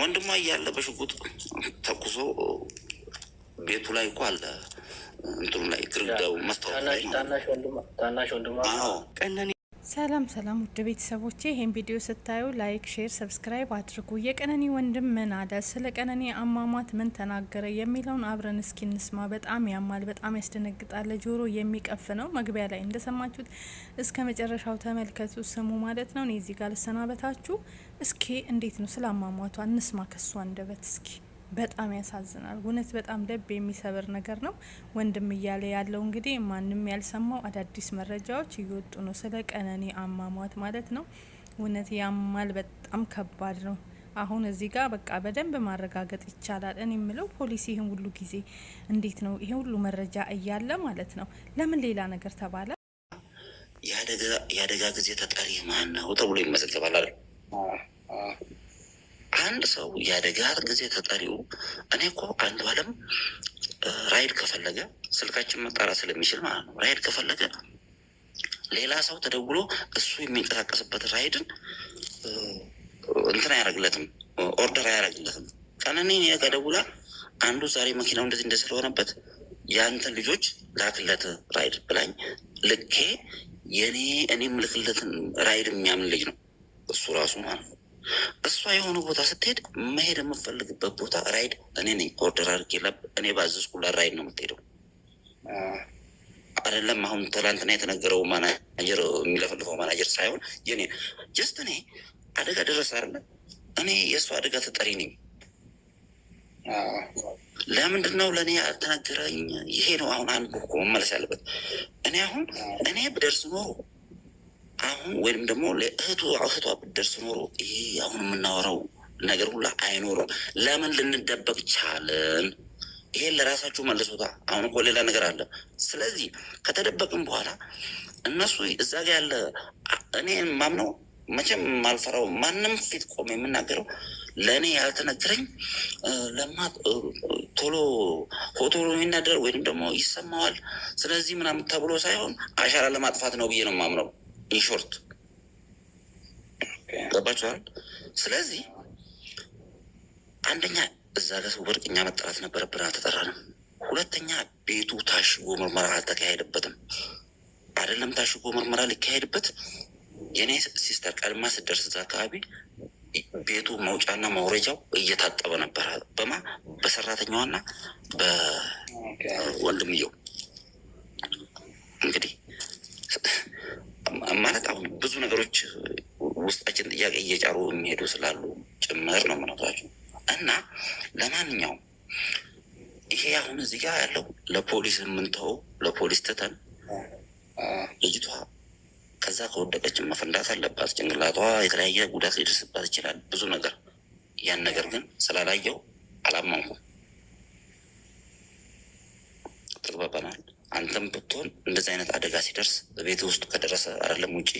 ወንድሟ እያለ በሽጉጥ ተኩሶ ቤቱ ላይ እኮ አለ እንትኑ ላይ ግርግዳው መስታወት ላይ ቀነኒ ሰላም ሰላም ውድ ቤተሰቦቼ ይህን ቪዲዮ ስታዩ ላይክ፣ ሼር፣ ሰብስክራይብ አድርጉ። የቀነኒ ወንድም ምን አለ፣ ስለ ቀነኒ አሟሟት ምን ተናገረ የሚለውን አብረን እስኪ እንስማ። በጣም ያማል፣ በጣም ያስደነግጣል፣ ጆሮ የሚቀፍ ነው። መግቢያ ላይ እንደሰማችሁት እስከ መጨረሻው ተመልከቱ፣ ስሙ ማለት ነው። እኔ እዚህ ጋር ልሰናበታችሁ። እስኪ እንዴት ነው ስለ አሟሟቷ እንስማ ከሷ አንደበት እስኪ በጣም ያሳዝናል። እውነት በጣም ደብ የሚሰብር ነገር ነው። ወንድም እያለ ያለው እንግዲህ ማንም ያልሰማው አዳዲስ መረጃዎች እየወጡ ነው፣ ስለ ቀነኒ አሟሟት ማለት ነው። እውነት ያማል፣ በጣም ከባድ ነው። አሁን እዚህ ጋር በቃ በደንብ ማረጋገጥ ይቻላል። እኔ የምለው ፖሊስ ይህን ሁሉ ጊዜ እንዴት ነው ይህ ሁሉ መረጃ እያለ ማለት ነው ለምን ሌላ ነገር ተባለ? የአደጋ ጊዜ ተጠሪ ማን ነው ተብሎ ይመዘገባል። አንድ ሰው የአደጋ ጊዜ ተጠሪው እኔ እኮ አንዱ አለም ራይድ ከፈለገ ስልካችን መጣራት ስለሚችል ማለት ነው። ራይድ ከፈለገ ሌላ ሰው ተደውሎ እሱ የሚንቀሳቀስበት ራይድን እንትን አያደርግለትም፣ ኦርደር አያደርግለትም። ቀነኒ ጋ ደውላ አንዱ ዛሬ መኪናው እንደዚህ እንደዚህ ስለሆነበት የአንተን ልጆች ላክለት ራይድ ብላኝ ልኬ የኔ እኔ ምልክለትን ራይድ የሚያምን ልጅ ነው እሱ ራሱ ማለት ነው። እሷ የሆነ ቦታ ስትሄድ መሄድ የምፈልግበት ቦታ ራይድ እኔ ነኝ ኦርደር አድርጌ እኔ ባዘዝኩላት ራይድ ነው የምትሄደው። አይደለም አሁን ትላንትና የተነገረው ማናጀር የሚለፈልፈው ማናጀር ሳይሆን የኔ ጀስት እኔ አደጋ ደረሰ አለ እኔ የእሷ አደጋ ተጠሪ ነኝ። ለምንድን ነው ለእኔ ያልተነገረኝ? ይሄ ነው አሁን አንድ መመለስ ያለበት። እኔ አሁን እኔ ብደርስ ኖሮ አሁን ወይም ደግሞ ለእህቱ እህቷ ብደርስ ኖሮ ይህ አሁን የምናወራው ነገር ሁላ አይኖርም። ለምን ልንደበቅ ቻልን? ይሄን ለራሳችሁ መልሶታ። አሁን እኮ ሌላ ነገር አለ። ስለዚህ ከተደበቅም በኋላ እነሱ እዛ ጋ ያለ እኔ ማምነው መቼም ማልፈራው ማንም ፊት ቆም የምናገረው ለእኔ ያልተነገረኝ ለማ ቶሎ ሆቶሎ የሚናደር ወይም ደግሞ ይሰማዋል፣ ስለዚህ ምናምን ተብሎ ሳይሆን አሻራ ለማጥፋት ነው ብዬ ነው ማምነው። ኢንሾርት ገባችኋል። ስለዚህ አንደኛ እዛ ጋር ስንወድቅ እኛ መጠራት ነበረብን፣ አልተጠራንም። ሁለተኛ ቤቱ ታሽጎ ምርመራ አልተካሄደበትም። አይደለም ታሽጎ ምርመራ ሊካሄድበት የኔ ሲስተር ቀድማ ስደርስ እዛ አካባቢ ቤቱ መውጫና ማውረጃው እየታጠበ ነበረ። በማ በሰራተኛዋና በወንድምየው እንግዲህ ማለት አሁን ብዙ ነገሮች ውስጣችን ጥያቄ እየጫሩ የሚሄዱ ስላሉ ጭምር ነው የምነግራቸው እና ለማንኛውም ይሄ አሁን እዚህ ጋር ያለው ለፖሊስ የምንተው ለፖሊስ ትተን ልጅቷ ከዛ ከወደቀች መፈንዳት አለባት። ጭንቅላቷ የተለያየ ጉዳት ሊደርስባት ይችላል ብዙ ነገር። ያን ነገር ግን ስላላየው አላመንኩም። ትግባባናል አንተም ብትሆን እንደዚህ አይነት አደጋ ሲደርስ ቤት ውስጥ ከደረሰ አይደለም ውጭ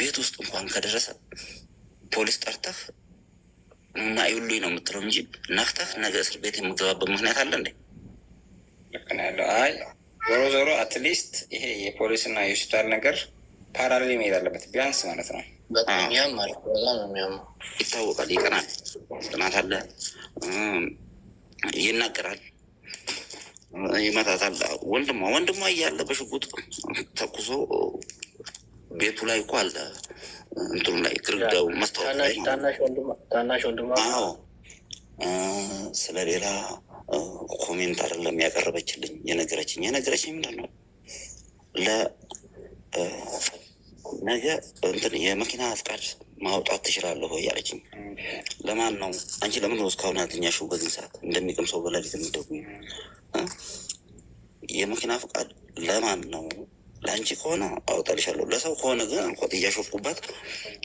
ቤት ውስጥ እንኳን ከደረሰ ፖሊስ ጠርተህ እና ይሉኝ ነው የምትለው እንጂ ነክተህ ነገ እስር ቤት የምገባበት ምክንያት አለ እንዴ? ያለው አይ ዞሮ ዞሮ አትሊስት ይሄ የፖሊስና የሆስፒታል ነገር ፓራሌል መሄድ አለበት ቢያንስ ማለት ነው። ይታወቃል፣ ይቀናል፣ ቅናት አለ፣ ይናገራል ይመታታል። ወንድሟ ወንድሟ እያለ በሽጉጥ ተኩሶ ቤቱ ላይ እኮ አለ እንትኑ ላይ ግርግዳው መስታወት ላይ ታናሽ ወንድሟ ስለሌላ ኮሜንት አይደለም ያቀረበችልኝ የነገረችኝ የነገረችኝ ምንድን ነው ለ ነገ እንትን የመኪና ፍቃድ ማውጣት ትችላለሁ ወይ ያለችኝ። ለማን ነው አንቺ? ለምን ነው እስካሁን ያልተኛሽው? በዚህ ሰዓት እንደሚቅም ሰው በሌሊት የሚደጉ የመኪና ፍቃድ ለማን ነው? ለአንቺ ከሆነ አውጣልሻለሁ፣ ለሰው ከሆነ ግን አልኳት። እያሾፍኩባት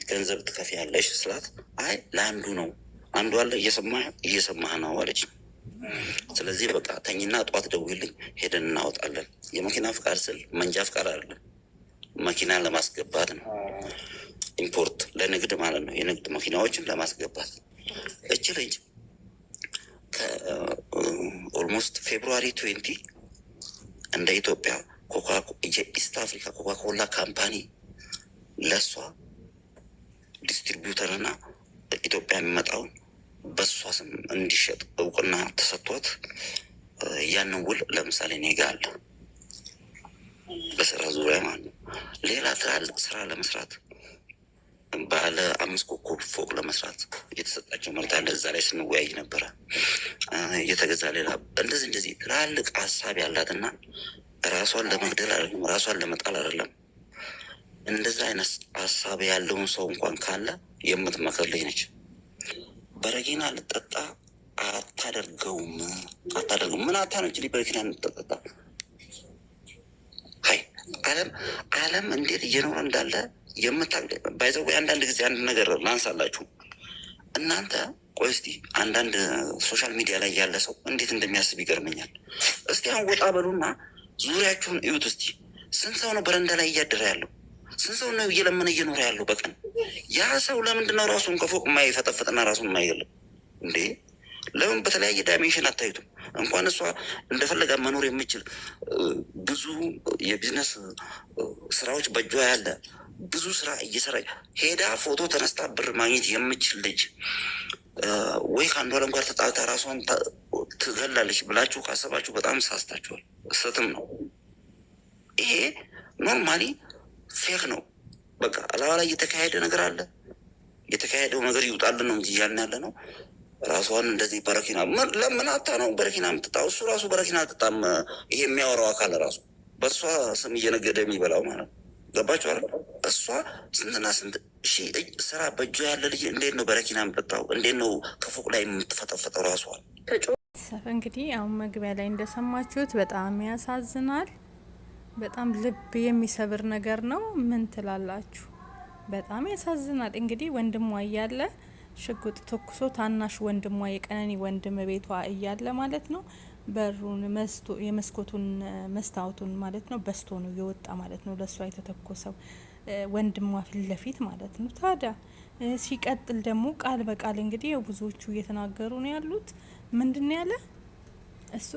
ገንዘብ ትከፊ ያለሽ ስላት፣ አይ ለአንዱ ነው አንዱ አለ እየሰማ እየሰማህ ነው አለች። ስለዚህ በቃ ተኝና ጠዋት ደውልኝ፣ ሄደን እናወጣለን። የመኪና ፍቃድ ስል መንጃ ፍቃድ አይደለም። መኪና ለማስገባት ነው። ኢምፖርት ለንግድ ማለት ነው። የንግድ መኪናዎችን ለማስገባት እች ልጅ ኦልሞስት ፌብሩዋሪ ትዌንቲ እንደ ኢትዮጵያ የኢስት አፍሪካ ኮካኮላ ካምፓኒ ለእሷ ዲስትሪቢዩተርና ኢትዮጵያ የሚመጣውን በእሷ ስም እንዲሸጥ እውቅና ተሰጥቷት ያንን ውል ለምሳሌ እኔ ጋ አለ በስራ ዙሪያ ማለት ነው። ሌላ ትላልቅ ስራ ለመስራት ባለ አምስት ኮከብ ፎቅ ለመስራት የተሰጣቸው መሬት አለ። እዛ ላይ ስንወያይ ነበረ። እየተገዛ ሌላ እንደዚህ እንደዚህ ትላልቅ ሀሳብ ያላትና ራሷን ለመግደል አይደለም፣ ራሷን ለመጣል አይደለም። እንደዛ አይነት ሀሳብ ያለውን ሰው እንኳን ካለ የምትመክር ልጅ ነች። በረኪና ልጠጣ አታደርገውም፣ አታደርገውም። ምን አታነች በረኪና ልጠጣ አለም አለም እንዴት እየኖረ እንዳለ የምታ ባይዘው አንዳንድ ጊዜ አንድ ነገር ላንሳላችሁ። እናንተ ቆይ እስቲ አንዳንድ ሶሻል ሚዲያ ላይ ያለ ሰው እንዴት እንደሚያስብ ይገርመኛል። እስቲ አሁን ወጣ በሉና ዙሪያችሁን እዩት እስቲ። ስንት ሰው ነው በረንዳ ላይ እያደረ ያለው? ስንት ሰው ነው እየለመነ እየኖረ ያለው በቀን? ያ ሰው ለምንድን ነው ራሱን ከፎቅ የማይፈጠፍጥና ራሱን የማይገለም እንዴ? ለምን በተለያየ ዳይሜንሽን አታዩትም? እንኳን እሷ እንደፈለጋ መኖር የሚችል ብዙ የቢዝነስ ስራዎች በእጇ ያለ ብዙ ስራ እየሰራ ሄዳ ፎቶ ተነስታ ብር ማግኘት የምችል ልጅ ወይ ከአንዱ አለም ጋር ተጣልታ ራሷን ትገላለች ብላችሁ ካሰባችሁ በጣም ሳስታችኋል። እሰትም ነው ይሄ። ኖርማሊ ፌክ ነው። በቃ አላባ ላይ የተካሄደ ነገር አለ። የተካሄደው ነገር ይውጣልን ነው እንጂ እያልን ያለ ነው። ራሷን እንደዚህ በረኪና ለምን አታ ነው በረኪና የምትጣው? እሱ ራሱ በረኪና አልጠጣም። ይሄ የሚያወራው አካል ራሱ በእሷ ስም እየነገደ የሚበላው ማለት ነው። ገባችሁ? እሷ ስንትና ስንት ስራ በእጇ ያለ ልጅ እንዴት ነው በረኪና የምትጠጣው? እንዴት ነው ከፎቅ ላይ የምትፈጠፈጠው? ራሷል እንግዲህ አሁን መግቢያ ላይ እንደሰማችሁት በጣም ያሳዝናል። በጣም ልብ የሚሰብር ነገር ነው። ምን ትላላችሁ? በጣም ያሳዝናል። እንግዲህ ወንድሟ እያለ ሽጉጥ ተኩሶ ታናሽ ወንድሟ የቀነኒ ወንድም ቤቷ እያለ ማለት ነው በሩን መስቶ የመስኮቱን መስታወቱን ማለት ነው በስቶ ነው የወጣ ማለት ነው ለእሷ የተተኮሰው ወንድሟ ፊት ለፊት ማለት ነው። ታዲያ ሲቀጥል ደግሞ ቃል በቃል እንግዲህ ብዙዎቹ እየተናገሩ ነው ያሉት ምንድን ያለ እሱ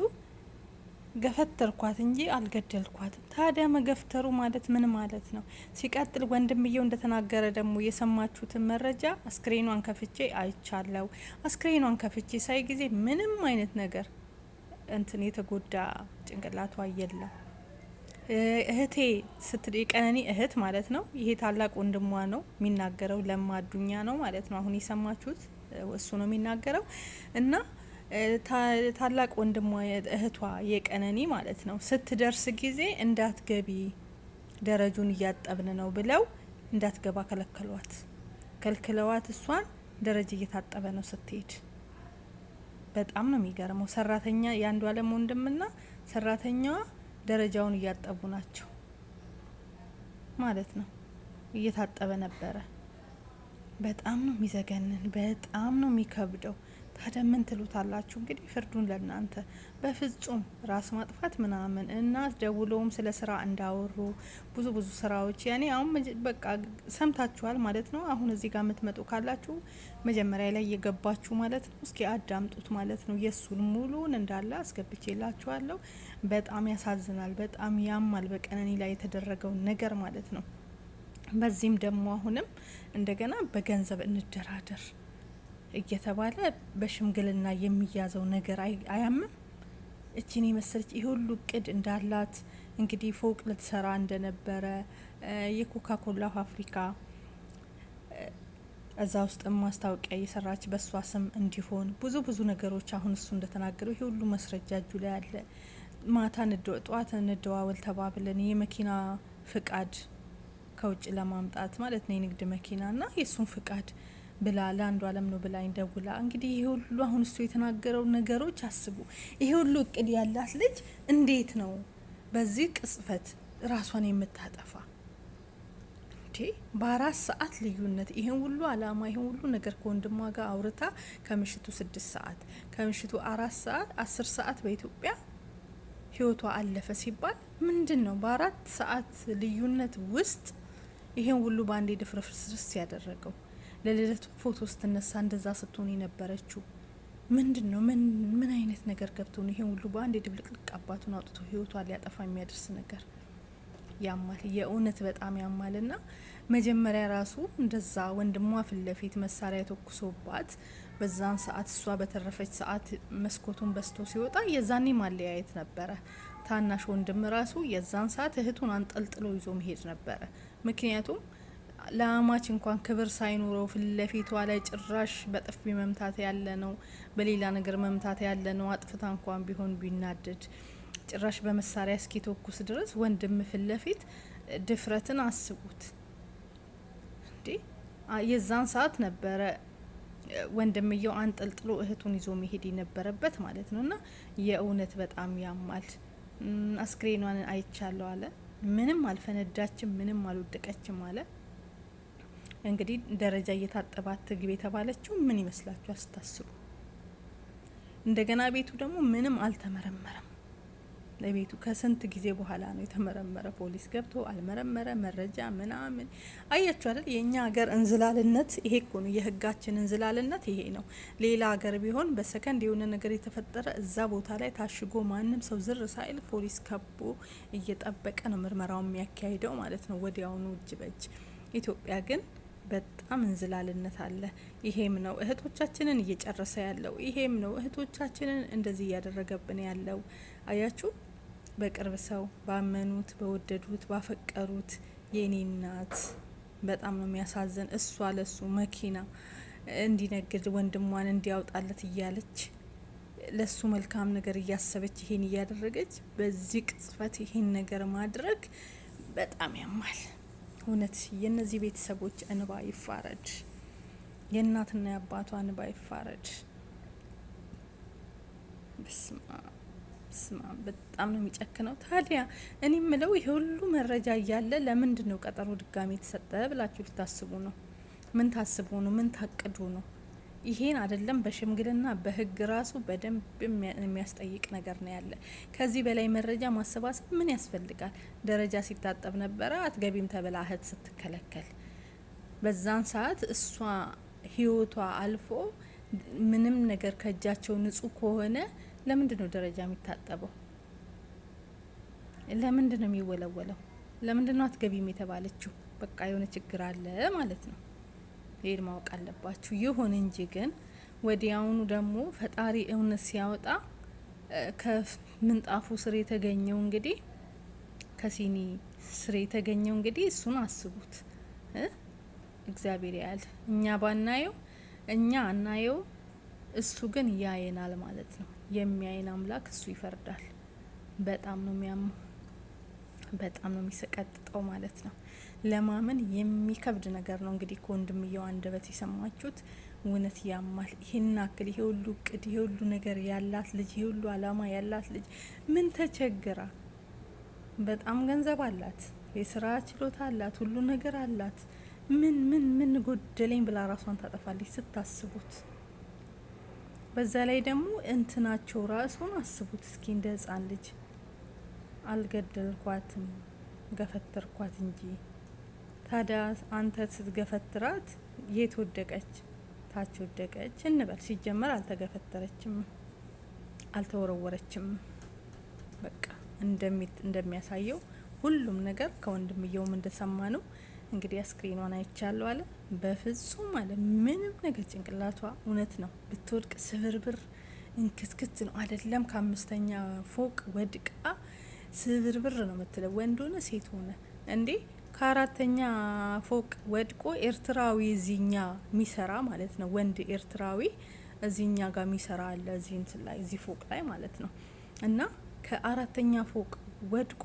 ገፈተርኳት እንጂ አልገደልኳትም። ታዲያ መገፍተሩ ማለት ምን ማለት ነው? ሲቀጥል ወንድምየው እንደተናገረ ደግሞ የሰማችሁትን መረጃ አስክሬኗን ከፍቼ አይቻለው። አስክሬኗን ከፍቼ ሳይ ጊዜ ምንም አይነት ነገር እንትን የተጎዳ ጭንቅላቷ የለም። እህቴ ስትል የቀነኒ እህት ማለት ነው። ይሄ ታላቅ ወንድሟ ነው የሚናገረው። ለማዱኛ ነው ማለት ነው። አሁን የሰማችሁት እሱ ነው የሚናገረው እና ታላቅ ወንድሟ እህቷ የቀነኒ ማለት ነው ስትደርስ ጊዜ እንዳትገቢ ደረጁን እያጠብን ነው ብለው እንዳትገባ ከለከሏት። ከልክለዋት እሷን ደረጃ እየታጠበ ነው ስትሄድ። በጣም ነው የሚገርመው። ሰራተኛ የአንዱ አለም ወንድምና ሰራተኛዋ ደረጃውን እያጠቡ ናቸው ማለት ነው። እየታጠበ ነበረ። በጣም ነው የሚዘገንን። በጣም ነው የሚከብደው። ታዲያ ምን ትሉታላችሁ? እንግዲህ ፍርዱን ለእናንተ። በፍጹም ራስ ማጥፋት ምናምን እና ደውለውም ስለ ስራ እንዳወሩ ብዙ ብዙ ስራዎች ያኔ አሁን በቃ ሰምታችኋል ማለት ነው። አሁን እዚህ ጋር የምትመጡ ካላችሁ መጀመሪያ ላይ እየገባችሁ ማለት ነው። እስኪ አዳምጡት ማለት ነው። የእሱን ሙሉን እንዳለ አስገብቼላችኋለሁ። በጣም ያሳዝናል፣ በጣም ያማል በቀነኒ ላይ የተደረገው ነገር ማለት ነው። በዚህም ደግሞ አሁንም እንደገና በገንዘብ እንደራደር እየተባለ በሽምግልና የሚያዘው ነገር አያምም። እችን የመሰለች ይህ ሁሉ እቅድ እንዳላት እንግዲህ ፎቅ ልትሰራ እንደነበረ የኮካ ኮላ ፋብሪካ እዛ ውስጥ ማስታወቂያ እየሰራች በእሷ ስም እንዲሆን ብዙ ብዙ ነገሮች አሁን እሱ እንደተናገረው ይህ ሁሉ መስረጃ እጁ ላይ አለ። ማታ ጠዋት እንደዋወል ተባብለን የመኪና ፍቃድ ከውጭ ለማምጣት ማለት ነው የንግድ መኪና እና የእሱን ፍቃድ ብላ ለአንዱ አለም ነው ብላ ደውላ እንግዲህ ይሄ ሁሉ አሁን እሱ የተናገረው ነገሮች አስቡ። ይሄ ሁሉ እቅድ ያላት ልጅ እንዴት ነው በዚህ ቅጽፈት ራሷን የምታጠፋ? እንዴ በአራት ሰዓት ልዩነት ይሄን ሁሉ አላማ ይሄን ሁሉ ነገር ከወንድሟ ጋር አውርታ ከምሽቱ ስድስት ሰዓት ከምሽቱ አራት ሰዓት አስር ሰዓት በኢትዮጵያ ህይወቷ አለፈ ሲባል ምንድን ነው በአራት ሰዓት ልዩነት ውስጥ ይሄን ሁሉ በአንዴ ድፍርፍርስ ያደረገው? ለልደቱ ፎቶ ስትነሳ እንደዛ ስትሆን የነበረችው ምንድን ነው? ምን አይነት ነገር ገብቶ ነው ይሄን ሁሉ በአንድ የድብልቅልቅ አባቱን አውጥቶ ህይወቷ ሊያጠፋ የሚያደርስ ነገር? ያማል፣ የእውነት በጣም ያማል። ና መጀመሪያ ራሱ እንደዛ ወንድሟ ፊት ለፊት መሳሪያ የተኩሶባት በዛን ሰዓት እሷ በተረፈች ሰዓት መስኮቱን በስቶ ሲወጣ የዛኔ ማለያየት ነበረ። ታናሽ ወንድም ራሱ የዛን ሰዓት እህቱን አንጠልጥሎ ይዞ መሄድ ነበረ ምክንያቱም ለአማች እንኳን ክብር ሳይኖረው ፊት ለፊቷ ላይ ጭራሽ በጥፊ መምታት ያለ ነው፣ በሌላ ነገር መምታት ያለ ነው። አጥፍታ እንኳን ቢሆን ቢናደድ ጭራሽ በመሳሪያ እስኪተኩስ ድረስ ወንድም ፊት ለፊት ድፍረትን አስቡት እንዴ! የዛን ሰዓት ነበረ ወንድምየው አንጠልጥሎ እህቱን ይዞ መሄድ የነበረበት ማለት ነው። እና የእውነት በጣም ያማል። አስክሬኗን አይቻለሁ አለ። ምንም አልፈነዳችም፣ ምንም አልወደቀችም አለ። እንግዲህ ደረጃ እየታጠባት ትግብ የተባለችው ምን ይመስላችኋል ስታስቡ? እንደገና ቤቱ ደግሞ ምንም አልተመረመረም። ለቤቱ ከስንት ጊዜ በኋላ ነው የተመረመረ። ፖሊስ ገብቶ አልመረመረ መረጃ ምናምን አያችሁ አይደል? የእኛ ሀገር እንዝላልነት ይሄ እኮ ነው። የህጋችን እንዝላልነት ይሄ ነው። ሌላ ሀገር ቢሆን በሰከንድ የሆነ ነገር የተፈጠረ እዛ ቦታ ላይ ታሽጎ ማንም ሰው ዝር ሳይል ፖሊስ ከቦ እየጠበቀ ነው ምርመራው የሚያካሂደው ማለት ነው፣ ወዲያውኑ እጅ በእጅ። ኢትዮጵያ ግን በጣም እንዝላልነት አለ። ይሄም ነው እህቶቻችንን እየጨረሰ ያለው። ይሄም ነው እህቶቻችንን እንደዚህ እያደረገብን ያለው። አያችሁ፣ በቅርብ ሰው ባመኑት፣ በወደዱት፣ ባፈቀሩት የኔ እናት በጣም ነው የሚያሳዝን። እሷ ለሱ መኪና እንዲነግድ ወንድሟን እንዲያውጣለት እያለች ለሱ መልካም ነገር እያሰበች ይሄን እያደረገች በዚህ ቅጽበት ይሄን ነገር ማድረግ በጣም ያማል። እውነት የእነዚህ ቤተሰቦች እንባ ይፋረድ። የእናትና የአባቷ እንባ ይፋረድ። ስማ በጣም ነው የሚጨክነው። ታዲያ እኔ ምለው ይሄ ሁሉ መረጃ እያለ ለምንድን ነው ቀጠሮ ድጋሚ የተሰጠ ብላችሁ ልታስቡ ነው? ምን ታስቡ ነው? ምን ታቅዱ ነው? ይሄን አይደለም በሽምግልና በህግ ራሱ በደንብ የሚያስጠይቅ ነገር ነው ያለ። ከዚህ በላይ መረጃ ማሰባሰብ ምን ያስፈልጋል? ደረጃ ሲታጠብ ነበረ አትገቢም ተብላ እህት ስትከለከል፣ በዛን ሰዓት እሷ ህይወቷ አልፎ ምንም ነገር ከእጃቸው ንጹህ ከሆነ ለምንድን ነው ደረጃ የሚታጠበው? ለምንድን ነው የሚወለወለው? ለምንድን ነው አትገቢም የተባለችው? በቃ የሆነ ችግር አለ ማለት ነው። ይሄን ማወቅ አለባችሁ። ይሁን እንጂ ግን ወዲያውኑ ደግሞ ፈጣሪ እውነት ሲያወጣ ከምንጣፉ ስር የተገኘው እንግዲህ ከሲኒ ስር የተገኘው እንግዲህ እሱን አስቡት። እግዚአብሔር ያል እኛ ባናየው እኛ አናየው፣ እሱ ግን ያየናል ማለት ነው። የሚያየን አምላክ እሱ ይፈርዳል። በጣም ነው የሚያመው፣ በጣም ነው የሚሰቀጥጠው ማለት ነው። ለማመን የሚከብድ ነገር ነው። እንግዲህ ከወንድምየው አንደበት የሰማችሁት እውነት ያማል። ይህን አክል ይሄ ሁሉ እቅድ፣ ይሄ ሁሉ ነገር ያላት ልጅ፣ ይሄ ሁሉ አላማ ያላት ልጅ ምን ተቸግራ? በጣም ገንዘብ አላት፣ የስራ ችሎታ አላት፣ ሁሉ ነገር አላት። ምን ምን ምን ጎደለኝ ብላ ራሷን ታጠፋለች ስታስቡት። በዛ ላይ ደግሞ እንትናቸው ራሱን አስቡት እስኪ እንደ ህፃን ልጅ አልገደልኳትም ገፈተርኳት እንጂ ታዲያ አንተ ስትገፈትራት የት ወደቀች? ታች ወደቀች እንበል። ሲጀመር አልተገፈተረችም፣ አልተወረወረችም። በቃ እንደሚያሳየው ሁሉም ነገር ከወንድምየውም እንደሰማ ነው። እንግዲህ አስክሬኗን አይቻለሁ አለ። በፍጹም አለ ምንም ነገር ጭንቅላቷ እውነት ነው ብትወድቅ ስብርብር እንክትክት ነው አይደለም። ከአምስተኛ ፎቅ ወድቃ ስብርብር ነው የምትለው። ወንድ ሆነ ሴት ሆነ እንዴ ከአራተኛ ፎቅ ወድቆ ኤርትራዊ እዚኛ ሚሰራ ማለት ነው። ወንድ ኤርትራዊ እዚኛ ጋር ሚሰራ አለ እዚህ እንትን ላይ እዚህ ፎቅ ላይ ማለት ነው። እና ከአራተኛ ፎቅ ወድቆ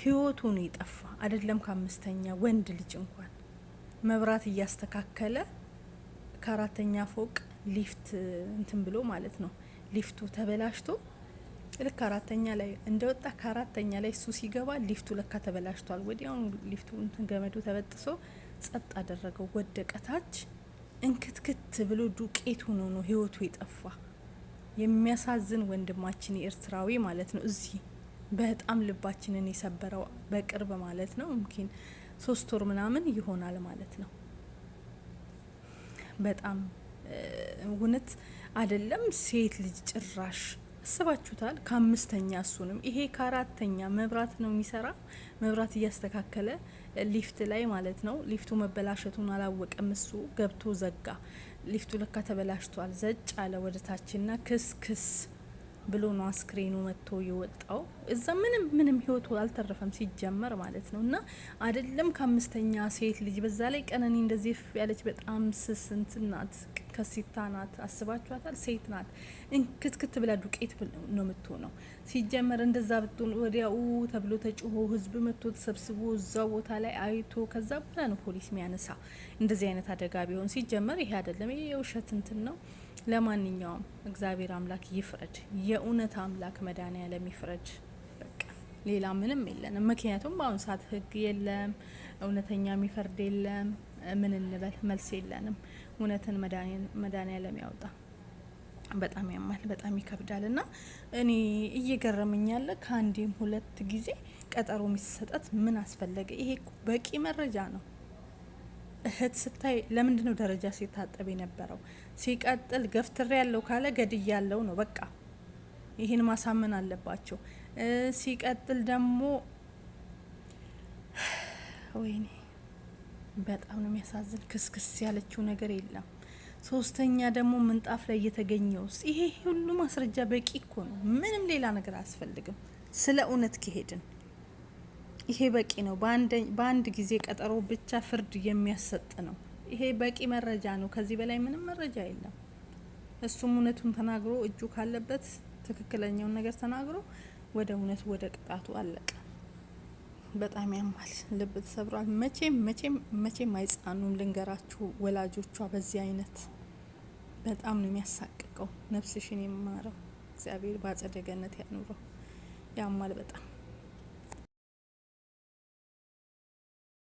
ህይወቱን ይጠፋ አይደለም። ከአምስተኛ ወንድ ልጅ እንኳን መብራት እያስተካከለ ከአራተኛ ፎቅ ሊፍት እንትን ብሎ ማለት ነው ሊፍቱ ተበላሽቶ ልክ አራተኛ ላይ እንደወጣ ከአራተኛ ላይ እሱ ሲገባ ሊፍቱ ለካ ተበላሽቷል። ወዲያውኑ ሊፍቱ ገመዱ ተበጥሶ ጸጥ አደረገው። ወደቀ ታች እንክትክት ብሎ ዱቄት ሆኖ ነው ህይወቱ የጠፋ። የሚያሳዝን ወንድማችን የኤርትራዊ ማለት ነው። እዚህ በጣም ልባችንን የሰበረው በቅርብ ማለት ነው። ምኪን ሶስት ወር ምናምን ይሆናል ማለት ነው። በጣም እውነት አይደለም ሴት ልጅ ጭራሽ አስባችሁታል? ከአምስተኛ እሱንም ይሄ ከአራተኛ መብራት ነው የሚሰራ መብራት እያስተካከለ ሊፍት ላይ ማለት ነው። ሊፍቱ መበላሸቱን አላወቀም እሱ ገብቶ ዘጋ። ሊፍቱ ለካ ተበላሽቷል። ዘጭ አለ ወደ ታችና ክስ ክስ ብሎ ነው አስክሬኑ መጥቶ የወጣው። እዛ ምንም ምንም ህይወቱ አልተረፈም ሲጀመር ማለት ነው። እና አይደለም ከአምስተኛ ሴት ልጅ በዛ ላይ ቀነኒ እንደዚህ ያለች በጣም ስስንትናት ከሲታ ናት። አስባችኋታል? ሴት ናት። እንክትክት ብላ ዱቄት ነው የምትሆነው። ሲጀመር እንደዛ ብትሆን ወዲያው ተብሎ ተጭሆ ህዝብ መጥቶ ተሰብስቦ እዛ ቦታ ላይ አይቶ ከዛ በኋላ ነው ፖሊስ የሚያነሳ እንደዚህ አይነት አደጋ ቢሆን ሲጀመር ይሄ አይደለም፣ ይሄ የውሸት እንትን ነው። ለማንኛውም እግዚአብሔር አምላክ ይፍረድ። የእውነት አምላክ መድኃኔዓለም ይፍረድ። ሌላ ምንም የለንም። ምክንያቱም በአሁኑ ሰዓት ህግ የለም፣ እውነተኛ የሚፈርድ የለም። ምን እንበል? መልስ የለንም። እውነትን መድኃኔዓለም ያውጣ። በጣም ያማል፣ በጣም ይከብዳል። እና እኔ እየገረመኝ ያለ ከአንዴም ሁለት ጊዜ ቀጠሮ የሚሰጠት ምን አስፈለገ? ይሄ በቂ መረጃ ነው። እህት ስታይ ለምንድን ነው ደረጃ ሲታጠብ የነበረው? ሲቀጥል ገፍትር ያለው ካለ ገድያ ያለው ነው በቃ ይህን ማሳመን አለባቸው። ሲቀጥል ደግሞ ወይኔ በጣም ነው የሚያሳዝን። ክስክስ ያለችው ነገር የለም። ሶስተኛ ደግሞ ምንጣፍ ላይ እየተገኘው ይሄ ሁሉ ማስረጃ በቂ እኮ ነው። ምንም ሌላ ነገር አያስፈልግም። ስለ እውነት ከሄድን ይሄ በቂ ነው። በአንድ ጊዜ ቀጠሮ ብቻ ፍርድ የሚያሰጥ ነው። ይሄ በቂ መረጃ ነው። ከዚህ በላይ ምንም መረጃ የለም። እሱም እውነቱን ተናግሮ እጁ ካለበት ትክክለኛውን ነገር ተናግሮ ወደ እውነቱ ወደ ቅጣቱ አለቀ። በጣም ያማል፣ ልብ ተሰብሯል። መቼም መቼም መቼም አይጻኑም። ልንገራችሁ ወላጆቿ በዚህ አይነት በጣም ነው የሚያሳቅቀው። ነፍስሽን የማረው እግዚአብሔር በአጸደ ገነት ያኑረው። ያማል በጣም